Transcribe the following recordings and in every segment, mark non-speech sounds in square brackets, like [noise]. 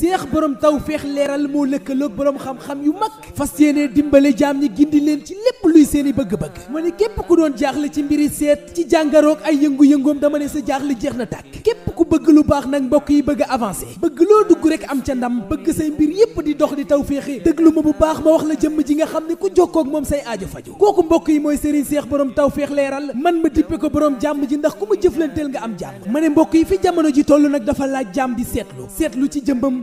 seex borom taw feex leeral moo lëkkaloog borom xam-xam yu mag fas yéene dimbale jaam ñi gindi leen ci lépp luy seeni bëgg-bëgg ma ne képp ku doon jaaxle ci mbiri seet ci jàngaroog ay yëngu-yëngoom dama ne sa jaaxle jeex na tàkk képp ku bëgg lu baax nag mbokk yi bëgg a bëgg loo dugg rek am ca ndam bëgg say mbir yépp di dox di taw féexe dëglu ma bu baax ma wax la jëmm ji nga xam ne ku jokkoo moom say aajo faju kooku mbokk yi mooy Serigne Seex borom taw feex leeral man ma dippe ko borom jàmm ji ndax ku ma jëflanteel nga am jàmm ma ne mbokk yi fi jamono ji toll nag dafa laaj jàmm di seetlu seetlu ci jëmbam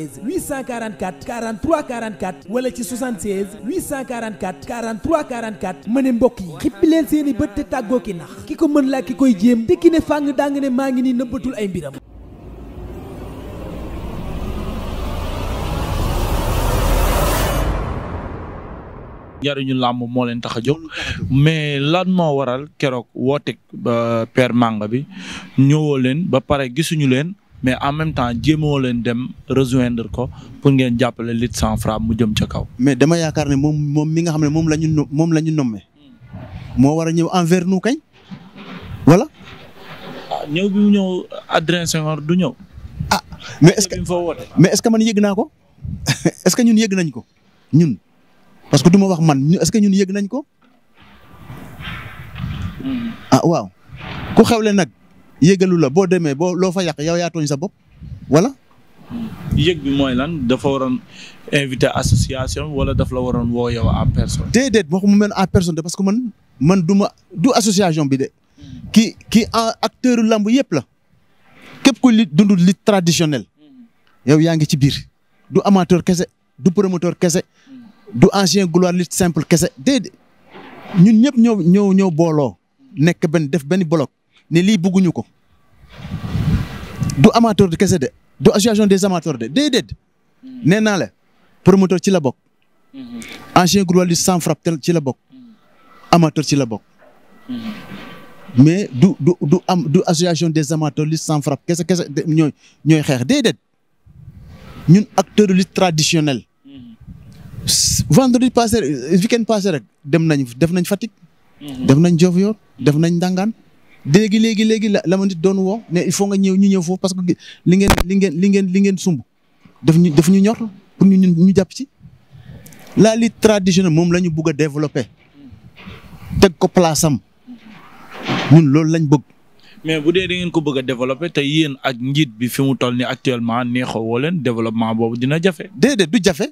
76 844 43 44 wala ci 76 844 43 44 ma ne mbokk yi xippi leen seeni bët te tàggoo ki nax ki ko mën laa ki koy jéem te ki ne fàng daa nga ne maa ngi nii nëbbatul ay mbiram. njariñu làmb moo leen tax a jóg mais lan moo waral keroog wooteeg Père Manga bi ñëwoo leen ba pare gisuñu leen mais en même temps jéemoo leen dem rejoindre ko pour ngeen jàppale lutte sans frappe mu jëm ca kaw. mais dama yaakaar ne moom moom mi nga xam ne moom la ñu moom la ñu nommé moo war a ñëw envers nous kañ voilà. Ah, du ñëw. a ah, mais est mais est-ce man yëg naa ko [laughs] est-ce que ñun yëg nañ ko ñun parce que du ma wax man est-ce que ñun yëg ko. Hmm. ah waaw ku xewle nag. yëgalu la boo demee bo loo fa yàq yow yaa tooñ sa bopp voilà. yëg bi mooy lan dafa waroon invité association wala daf la waroon woo yow en personne. déedéet waxuma mel en personne de parce que man man du ma du association bi de. ki ki acteur lamb yëpp la. képp ku li dund li traditionnel. yow yaa ngi ci biir. du amateur kese du promoteur kese. du ancien gloire lutte simple kese déedéet ñun ñëpp ñoo ñoo ñoo booloo. nekk benn def benn bloc. ne lii bugguñu ko du amateur de kese de du association des amateurs de déedéet nee naa la promoteur ci la bokk. ancien groupe du sans frappe ci la bokk. amateur ci la bokk. mais du du du am du association des amateurs lutte sans frappe kese kese ñooy ñooy xeex déedéet ñun acteur lutte traditionnel. vendredi passé weekend passé rek dem nañ def nañ Fatick. def nañ Diofior def nañ Ndangaan léegi léegi léegi la la ma nit doon woo ne il faut nga ñëw ñu ñëw foofu parce que li ngeen li ngeen li ngeen li ngeen sumb daf ñu daf ñu ñor pour ñu ñu jàpp ci. la lutte traditionnelle moom la ñu bugg a développer teg ko place am ñun loolu lañ bëgg. mais bu dee da ngeen ko bëgg a développer te yéen ak njiit bi fi mu toll ni actuellement neexoo woo leen développement boobu dina jafe. déedéet du jafe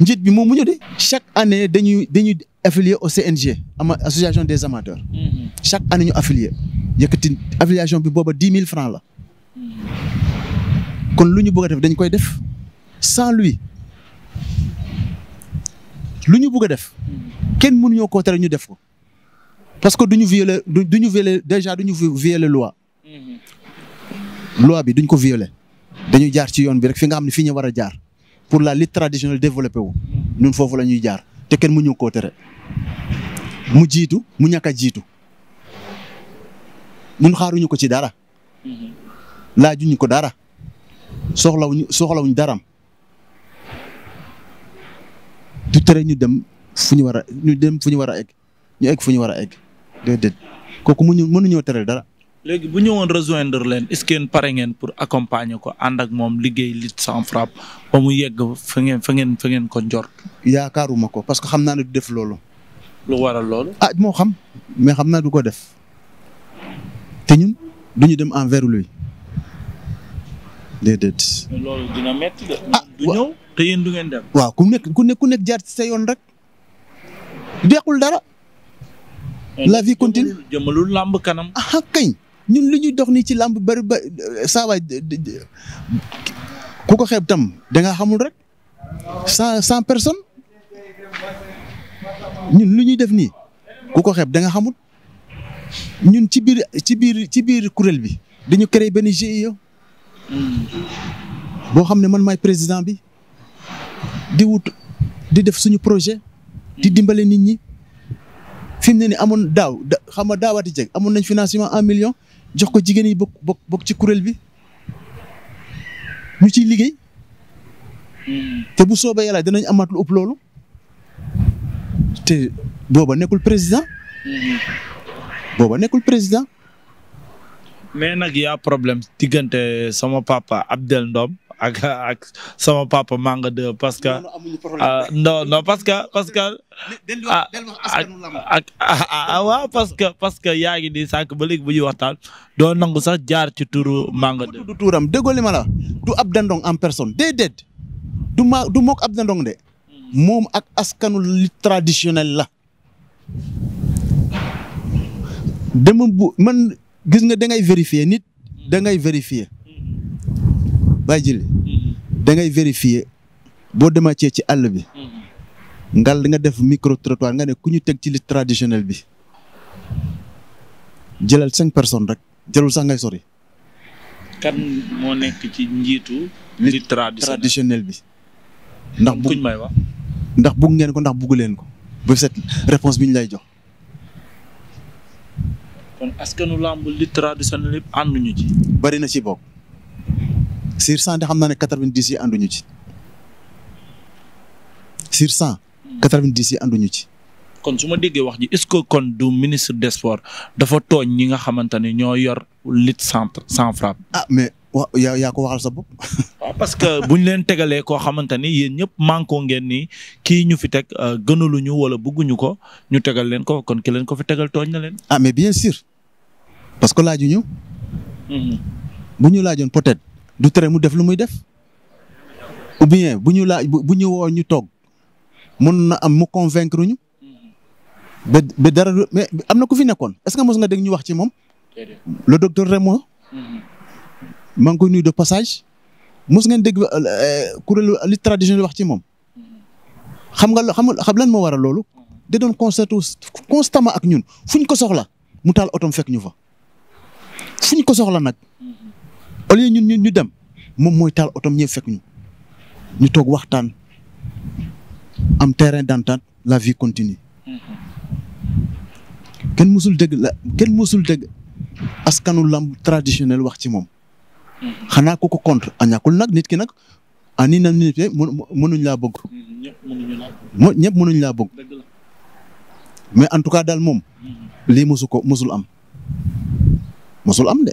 njiit bi moom mu ñu de chaque année dañuy dañuy affilié au CNG ama association des amateurs. Mhm. chaque année ñu affilié yëkkati affiliation bi booba dix mille francs la. kon lu ñu bëgg a def dañ koy def sans lui lu ñu bëgg def kenn mënuñoo koo tere ñu def ko parce que du ñu violer du ñu violer déjà du ñu violer loi. Mhm. loi bi duñ ko violer dañu jaar ci yoon bi rek fi nga xam ne fii ñu war a jaar pour la lutte traditionnelle développée wu mhm. foofu la ñuy jaar. te kenn mu ñëw koo tere mu jiitu mu ñàkk a jiitu ñun xaaruñu ko ci dara laajuñu ko dara soxlawuñu soxlawuñu daram du tere ñu dem fu ñu war a ñu dem fu ñu war a egg ñu egg fu ñu war a egg déedéet kooku mu ñu mënuñoo tere dara. léegi bu ñëwoon rejoindre leen est-ce que pare ngeen pour accompagner ko ànd ak moom liggéey lutte sans frappe ba mu yegg fa ngeen fa ngeen fa ngeen ko njort. yaakaaruma ko parce que xam naa ne du def loolu. lu waral loolu. ah moo xam mais xam naa du ko def te ñun du ñu dem envers lui déedéet. ah du ngeen waaw ku nekk ku ku nekk jaar ci sa yoon rek dequl dara. la vie continue jëmalul làmb kanam. ah kañ. ñun li ñuy dox nii ci làmb bari ba saa ku ko xeeb tam da nga xamul rek cent cent personnes ñun lu ñuy def nii ku ko xeeb da nga xamul ñun ci biir ci biir ci biir kuréel bi dañu créé benn GIE boo xam ne man maay président bi di wut di def suñu projet di dimbale nit ñi fi mu ne ni amoon daaw da xam nga daawaati jeg amoon nañ financement en million jox ko jigéen yi bokk bokk bokk ci kuréel bi ñu ciy liggéey. te bu soobee yàlla dinañ amaat lu ëpp loolu. te booba nekkul président. booba nekkul président. mais nag yaa problème diggante sama papa Abdel Ndom ak ak sama papa Manga 2 parce que. Ah, non non parce que parce parce que yaa ngi di sànq ba léegi bu ñuy waxtaan doo nangu sax jaar ci turu Manga 2. du tuuram du ab en personne déedéet du du mook ab de. moom ak askanu li la. dama bu man gis nga da ngay nit da ngay bàyyi jili mhm. da ngay vérifier boo dematee ci àll bi mhm. ngal nga def micro trottoir nga ne ku ñu teg ci li traditionnel bi jëlal cinq personnes rek jëlul sax ngay sori. kan moo nekk ci njiitu. li traditionnel bi. ndax bu may wax. ndax bugg ngeen ko ndax bugg leen ko ba set réponse bi ñu lay jox. kon askanu làmb li traditionnel yëpp ànduñu ci. bari na ci bokk. sur cent de xam naa ne quatre-vingt-dix yi ànduñu ci sur cent quatre-vingt-dix yi ànduñu ci. kon su ma déggee wax ji est-ce que kon du ministre des sports dafa tooñ ñi nga xamante ne ñoo yor lutte sans frappe. ah mais wa yaa yaa ko waxal sa bopp. [laughs] parce que bu ñu leen tegalee koo xamante ni yéen ñëpp mànkoo ngeen ni kii ñu fi teg euh, gënaluñu wala bëgguñu ko ñu tegal leen ko kon ki leen ko fi tegal tooñ na leen. ah mais bien sûr parce que laaju ñu. Mhm. bu ñu du tere mu def lu muy def bien bu ñu laaj bu ñu woo ñu toog mun na am mu convaincre ñu ba ba dara mais am na ku fi nekkoon est-ce que mos nga dégg ñu wax ci moom. le docteur Remo. maa ngi de passage. mos ngeen dégg euh, kuréelu li traditionnel wax ci moom. xam nga loo xam lan moo waral loolu. da doon constaté constamment ak ñun fu ñu ko soxla mu taal otom fekk ñu fa fu ñu ko soxla nag. au lieu ñun ñu dem moom mooy taal otom ñëw fekk ñu ñu toog waxtaan am terrain d'entente la vie continue mm-hmm. kenn musul dégg la kenn musul dégg askanu lamb traditionnel wax ci moom mm-hmm. xanaa ku ko contre a ñàkkul nag nit ki nag ah nii nag nit mënuñ laa bëgg. Mm-hmm. ñëpp mënuñ laa bëgg. mais en tout cas daal moom. li mosu ko mosul am mosul am de.